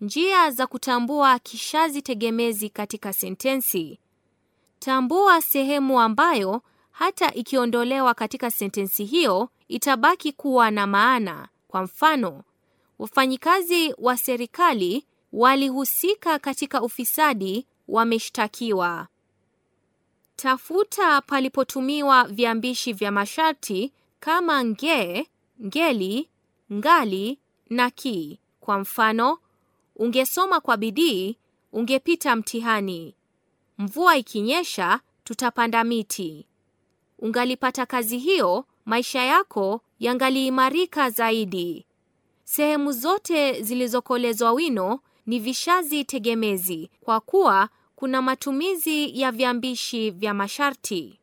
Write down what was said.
Njia za kutambua kishazi tegemezi katika sentensi. Tambua sehemu ambayo hata ikiondolewa katika sentensi hiyo itabaki kuwa na maana. Kwa mfano, wafanyikazi wa serikali walihusika katika ufisadi wameshtakiwa. Tafuta palipotumiwa viambishi vya masharti kama nge, ngeli, ngali na ki. Kwa mfano, Ungesoma kwa bidii, ungepita mtihani. Mvua ikinyesha, tutapanda miti. Ungalipata kazi hiyo, maisha yako yangaliimarika zaidi. Sehemu zote zilizokolezwa wino ni vishazi tegemezi kwa kuwa kuna matumizi ya viambishi vya masharti.